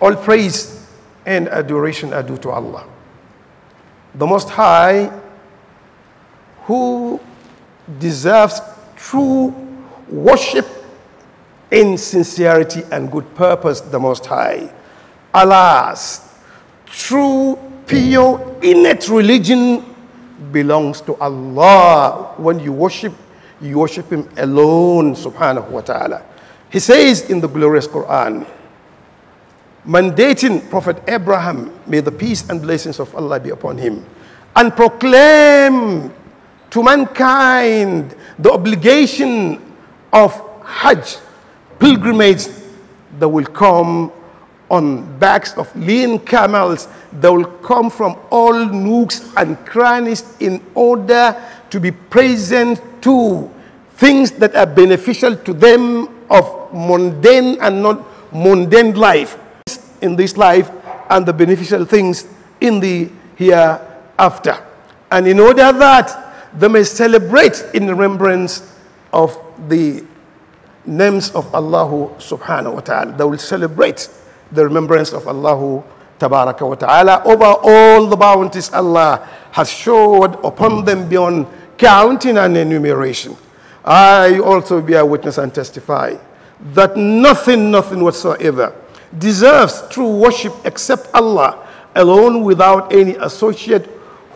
All praise and adoration are due to Allah. The Most High, who deserves true worship in sincerity and good purpose, the Most High. Alas, true, pure, innate religion belongs to Allah. When you worship, you worship Him alone, subhanahu wa ta'ala. He says in the glorious Quran, mandating Prophet Abraham, may the peace and blessings of Allah be upon him, and proclaim to mankind the obligation of Hajj, pilgrimage that will come on backs of lean camels that will come from all nooks and crannies in order to be present to things that are beneficial to them of mundane and not mundane life in this life and the beneficial things in the hereafter. And in order that they may celebrate in remembrance of the names of Allah subhanahu wa ta'ala. They will celebrate the remembrance of Allah tabaraka wa ta'ala over all the bounties Allah has showed upon them beyond counting and enumeration. I also bear witness and testify that nothing, nothing whatsoever deserves true worship except Allah alone without any associate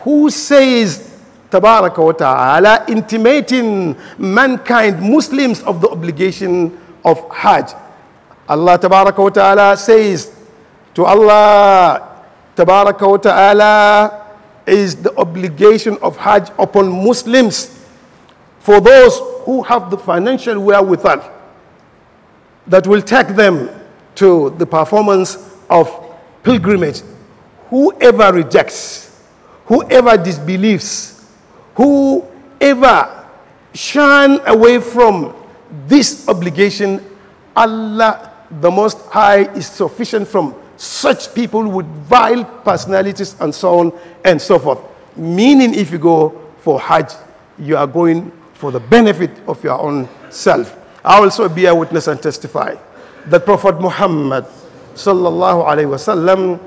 who says Tabaraka wa ta'ala intimating mankind, Muslims of the obligation of Hajj. Allah Tabaraka wa ta'ala says to Allah Tabaraka wa ta'ala is the obligation of Hajj upon Muslims for those who have the financial wherewithal that will take them to the performance of pilgrimage. Whoever rejects, whoever disbelieves, whoever shun away from this obligation, Allah the Most High is sufficient from such people with vile personalities and so on and so forth. Meaning, if you go for Hajj, you are going for the benefit of your own self. I also bear witness and testify that Prophet Muhammad sallallahu alaihi wasallam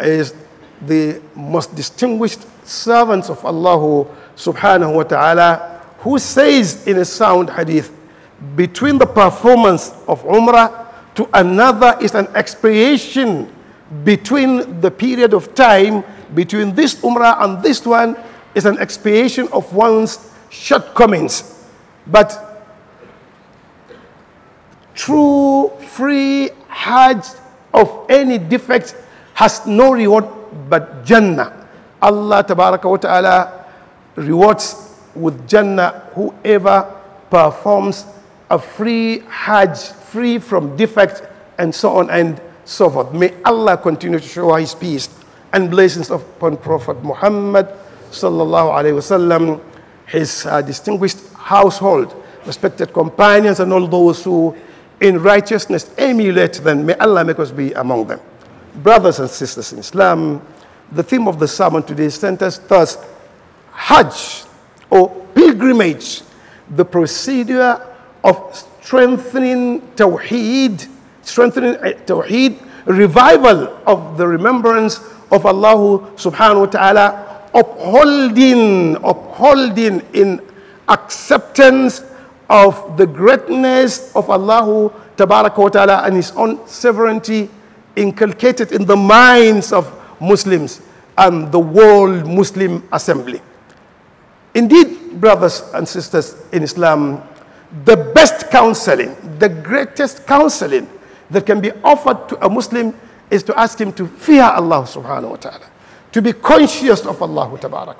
is the most distinguished servants of Allah subhanahu wa ta'ala who says in a sound hadith between the performance of umrah to another is an expiation between the period of time between this umrah and this one is an expiation of one's shortcomings but true free Hajj of any defect has no reward but Jannah. Allah wa ta'ala rewards with Jannah whoever performs a free Hajj, free from defect and so on and so forth. May Allah continue to show His peace and blessings upon Prophet Muhammad sallallahu alayhi wasallam, his uh, distinguished household, respected companions, and all those who in righteousness, emulate them. May Allah make us be among them. Brothers and sisters in Islam, the theme of the sermon today centers thus Hajj or pilgrimage, the procedure of strengthening Tawheed, strengthening eh, Tawheed, revival of the remembrance of Allah subhanahu wa ta'ala, upholding, upholding in acceptance of the greatness of Allah Ta'ala and His own sovereignty inculcated in the minds of Muslims and the world Muslim assembly. Indeed, brothers and sisters in Islam, the best counseling, the greatest counseling that can be offered to a Muslim is to ask him to fear Allah subhanahu wa ta'ala, to be conscious of Allah ta'ala,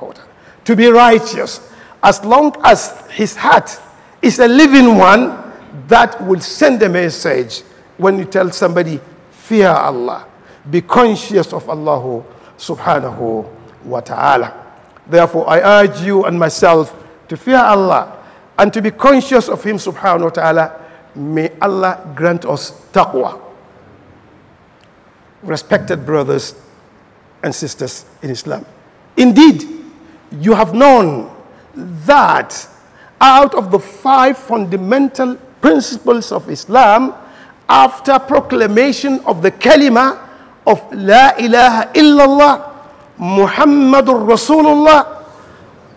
to be righteous, as long as his heart it's a living one that will send a message when you tell somebody, fear Allah. Be conscious of Allah subhanahu wa ta'ala. Therefore, I urge you and myself to fear Allah and to be conscious of Him subhanahu wa ta'ala. May Allah grant us taqwa. Respected brothers and sisters in Islam. Indeed, you have known that out of the five fundamental principles of Islam after proclamation of the kalima of La ilaha illallah Muhammadur Rasulullah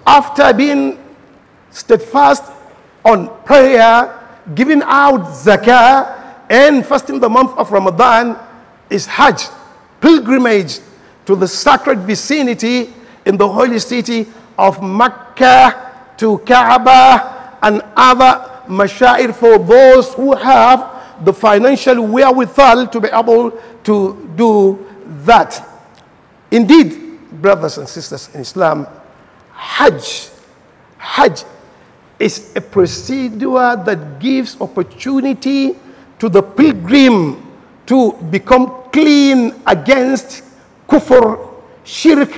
after being steadfast on prayer, giving out zakah and fasting the month of Ramadan is Hajj, pilgrimage to the sacred vicinity in the holy city of Mecca to Kaaba and other mashair for those who have the financial wherewithal to be able to do that. Indeed, brothers and sisters in Islam, Hajj, Hajj is a procedure that gives opportunity to the pilgrim to become clean against kufr, shirk,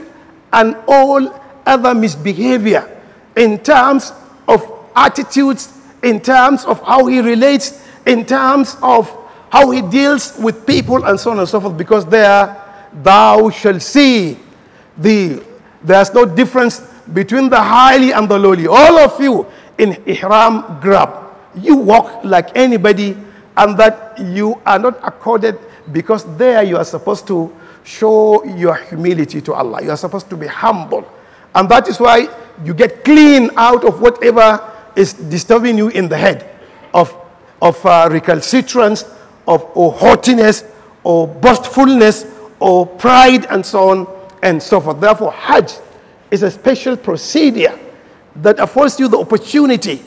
and all other misbehavior in terms of attitudes, in terms of how he relates, in terms of how he deals with people, and so on and so forth, because there thou shalt see the there's no difference between the highly and the lowly. All of you in ihram grab. You walk like anybody, and that you are not accorded because there you are supposed to show your humility to Allah. You are supposed to be humble. And that is why you get clean out of whatever is disturbing you in the head of, of uh, recalcitrance, of or haughtiness, or boastfulness, or pride, and so on and so forth. Therefore, Hajj is a special procedure that affords you the opportunity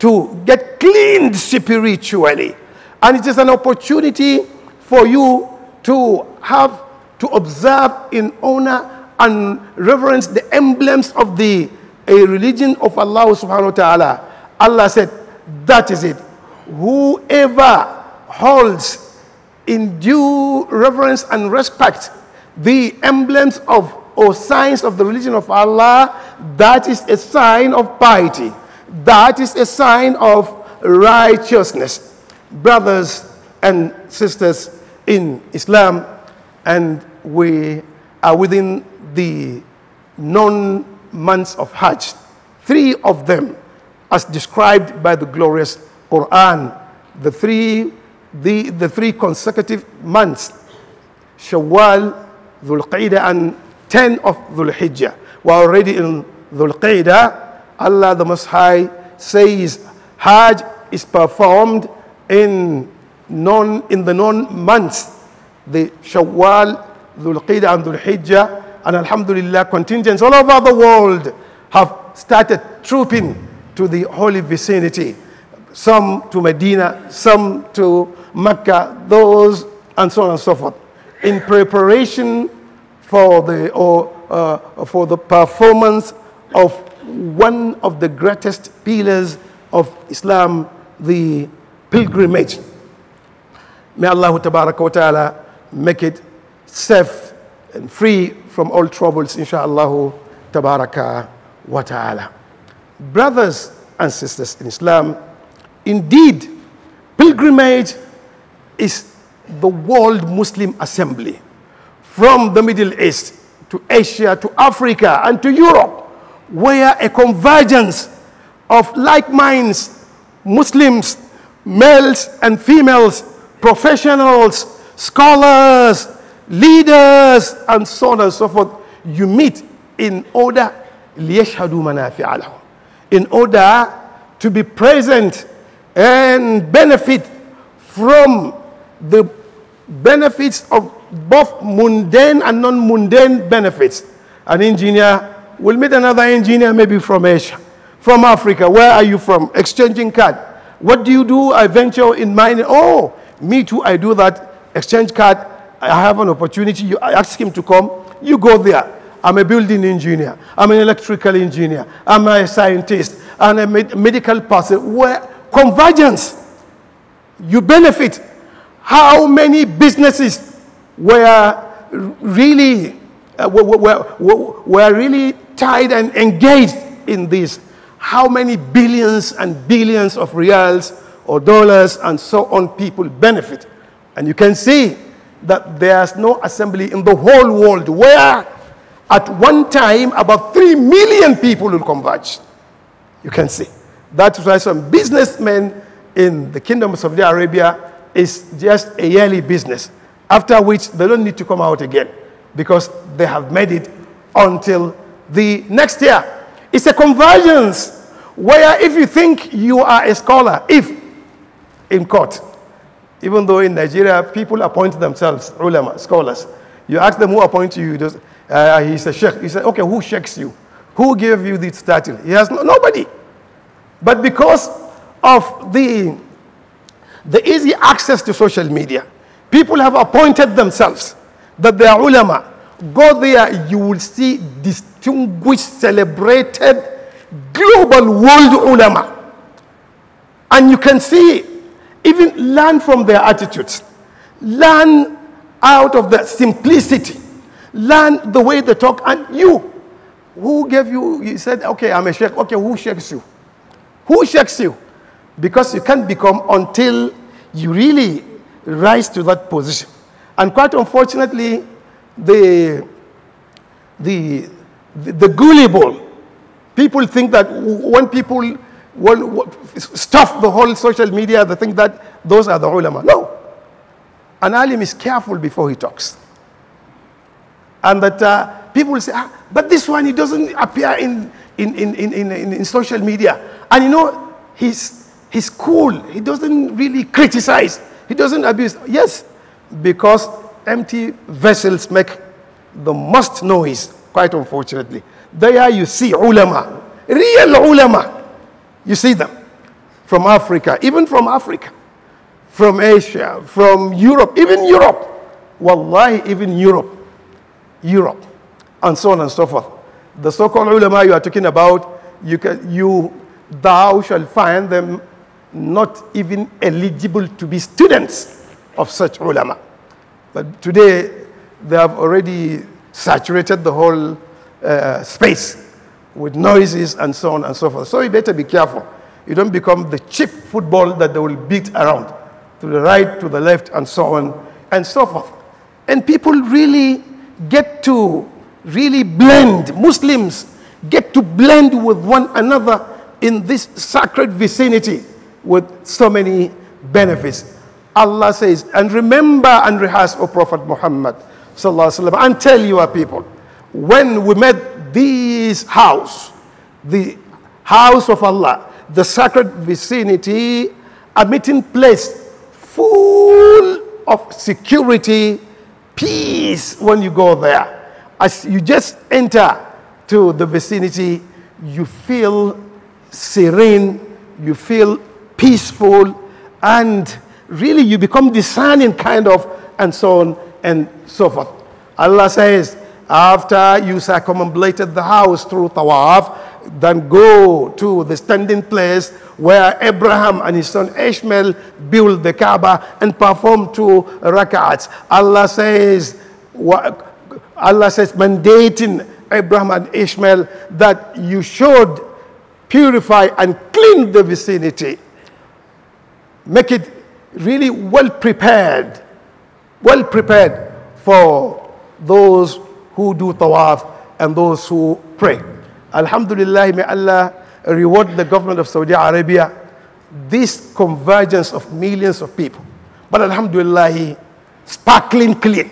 to get cleaned spiritually. And it is an opportunity for you to have to observe in honor and reverence the emblems of the a religion of Allah subhanahu wa ta'ala. Allah said, that is it. Whoever holds in due reverence and respect the emblems of or signs of the religion of Allah, that is a sign of piety. That is a sign of righteousness. Brothers and sisters in Islam, and we are within the non months of Hajj, three of them, as described by the glorious Quran, the three, the, the three consecutive months, Shawwal, Dhul and 10 of Dhul Hijjah. We're already in Dhul Allah the Most High says Hajj is performed in, non, in the non months, the Shawwal, Dhul and Dhul Hijjah and Alhamdulillah, contingents all over the world have started trooping to the holy vicinity. Some to Medina, some to Mecca, those, and so on and so forth, in preparation for the, or, uh, for the performance of one of the greatest pillars of Islam, the pilgrimage. May Allah Ta'ala make it safe and free from all troubles, inshallah, tabaraka wa ta'ala. Brothers and sisters in Islam, indeed, pilgrimage is the World Muslim Assembly from the Middle East to Asia to Africa and to Europe, where a convergence of like minds, Muslims, males and females, professionals, scholars, leaders, and so on and so forth, you meet in order in order to be present and benefit from the benefits of both mundane and non-mundane benefits. An engineer will meet another engineer maybe from Asia, from Africa. Where are you from? Exchanging card. What do you do? I venture in mining. Oh, me too, I do that. Exchange card I have an opportunity. You ask him to come, you go there. I'm a building engineer. I'm an electrical engineer. I'm a scientist. I'm a med medical person. Where convergence, you benefit. How many businesses were really uh, were, were, were really tied and engaged in this? How many billions and billions of reals or dollars and so on people benefit? And you can see that there's no assembly in the whole world where at one time about 3 million people will converge. You can see. That's why some businessmen in the kingdom of Saudi Arabia is just a yearly business, after which they don't need to come out again because they have made it until the next year. It's a convergence where if you think you are a scholar, if in court, even though in Nigeria, people appoint themselves, ulama, scholars. You ask them who appoints you. Just, uh, he's a sheikh. He said, okay, who sheikhs you? Who gave you this title? He has no, nobody. But because of the, the easy access to social media, people have appointed themselves that they are ulama. Go there, you will see distinguished, celebrated, global world ulama. And you can see even learn from their attitudes. Learn out of the simplicity. Learn the way they talk. And you, who gave you, you said, okay, I'm a sheikh. Okay, who shakes you? Who shakes you? Because you can't become until you really rise to that position. And quite unfortunately, the, the, the, the gullible people think that when people stuff the whole social media, the thing that those are the ulama. No. An alim is careful before he talks. And that uh, people say, ah, but this one, he doesn't appear in, in, in, in, in, in social media. And you know, he's, he's cool. He doesn't really criticize. He doesn't abuse. Yes, because empty vessels make the most noise, quite unfortunately. There you see ulama, real ulama you see them from Africa, even from Africa, from Asia, from Europe, even Europe. Wallahi, even Europe. Europe. And so on and so forth. The so-called ulama you are talking about, you can, you, thou shall find them not even eligible to be students of such ulama. But today, they have already saturated the whole uh, space with noises and so on and so forth. So you better be careful. You don't become the cheap football that they will beat around to the right, to the left, and so on and so forth. And people really get to really blend, Muslims get to blend with one another in this sacred vicinity with so many benefits. Allah says, and remember and rehearse, O Prophet Muhammad, and tell your people, when we met this house, the house of Allah, the sacred vicinity, a meeting place full of security, peace when you go there. As you just enter to the vicinity, you feel serene, you feel peaceful, and really you become discerning kind of, and so on and so forth. Allah says, after you circumambulated the house through Tawaf, then go to the standing place where Abraham and his son Ishmael built the Kaaba and perform two rakats. Allah says, Allah says, mandating Abraham and Ishmael that you should purify and clean the vicinity. Make it really well prepared, well prepared for those who do tawaf and those who pray. Alhamdulillah, may Allah reward the government of Saudi Arabia this convergence of millions of people. But Alhamdulillah, sparkling clean.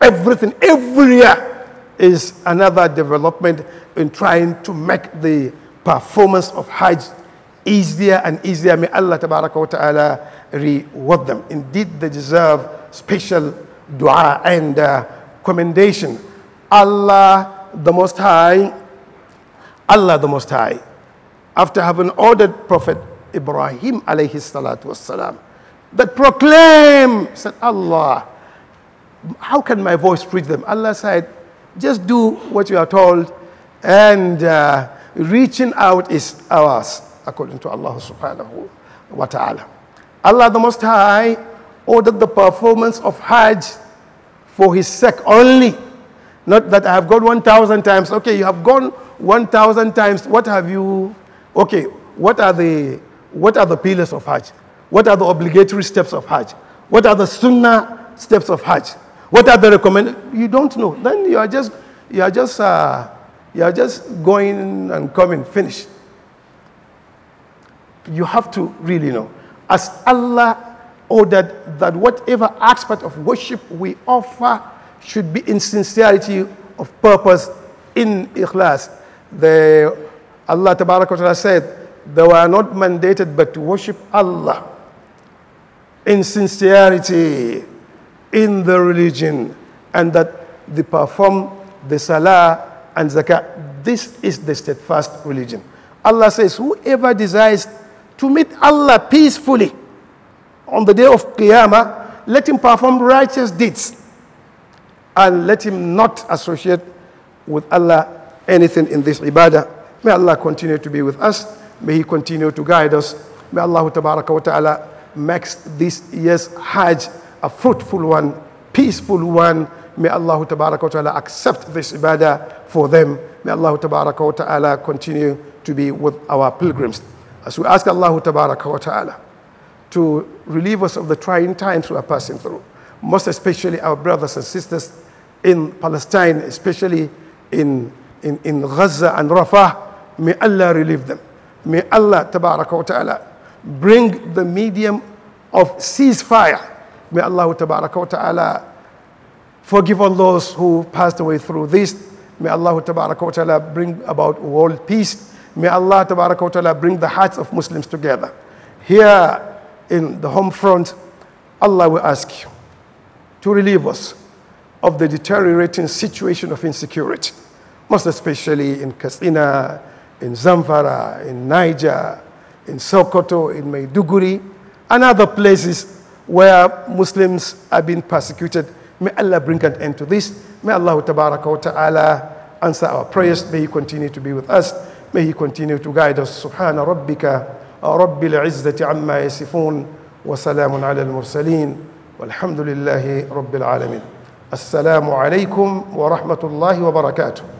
Everything, every year is another development in trying to make the performance of Hajj easier and easier. May Allah ta'ala reward them. Indeed, they deserve special dua and uh, commendation. Allah the Most High, Allah the Most High, after having ordered Prophet Ibrahim alayhi salatu wasalam, that proclaim, said Allah, how can my voice reach them? Allah said, just do what you are told and uh, reaching out is ours, according to Allah subhanahu wa ta'ala. Allah the Most High ordered the performance of Hajj for his sake only. Not that I have gone 1,000 times. Okay, you have gone 1,000 times. What have you, okay, what are the, what are the pillars of Hajj? What are the obligatory steps of Hajj? What are the sunnah steps of Hajj? What are the recommended? You don't know. Then you are just, you are just, uh, you are just going and coming, finished. You have to really know. As Allah or that, that whatever aspect of worship we offer should be in sincerity of purpose in ikhlas. The, Allah Ta'ala said, they were not mandated but to worship Allah in sincerity in the religion and that they perform the salah and zakah. This is the steadfast religion. Allah says, whoever desires to meet Allah peacefully, on the day of Qiyamah, let him perform righteous deeds and let him not associate with Allah anything in this ibadah. May Allah continue to be with us. May He continue to guide us. May Allah tabaraka wa ta'ala make this year's Hajj a fruitful one, peaceful one. May Allah tabaraka wa ta'ala accept this ibadah for them. May Allah tabaraka wa ta'ala continue to be with our pilgrims. As we ask Allah tabaraka wa ta'ala to relieve us of the trying times we are passing through, most especially our brothers and sisters in Palestine, especially in, in, in Gaza and Rafah. May Allah relieve them. May Allah ta'ala, bring the medium of ceasefire. May Allah ta'ala, forgive all those who passed away through this. May Allah ta'ala, bring about world peace. May Allah ta'ala, bring the hearts of Muslims together. Here in the home front, Allah will ask you to relieve us of the deteriorating situation of insecurity, most especially in Katsina, in Zamfara, in Niger, in Sokoto, in Maiduguri, and other places where Muslims are being persecuted. May Allah bring an end to this. May Allah ta'ala answer our prayers. May He continue to be with us. May He continue to guide us. Subhana rabbika رب العزة عما يصفون وسلام على المرسلين والحمد لله رب العالمين السلام عليكم ورحمة الله وبركاته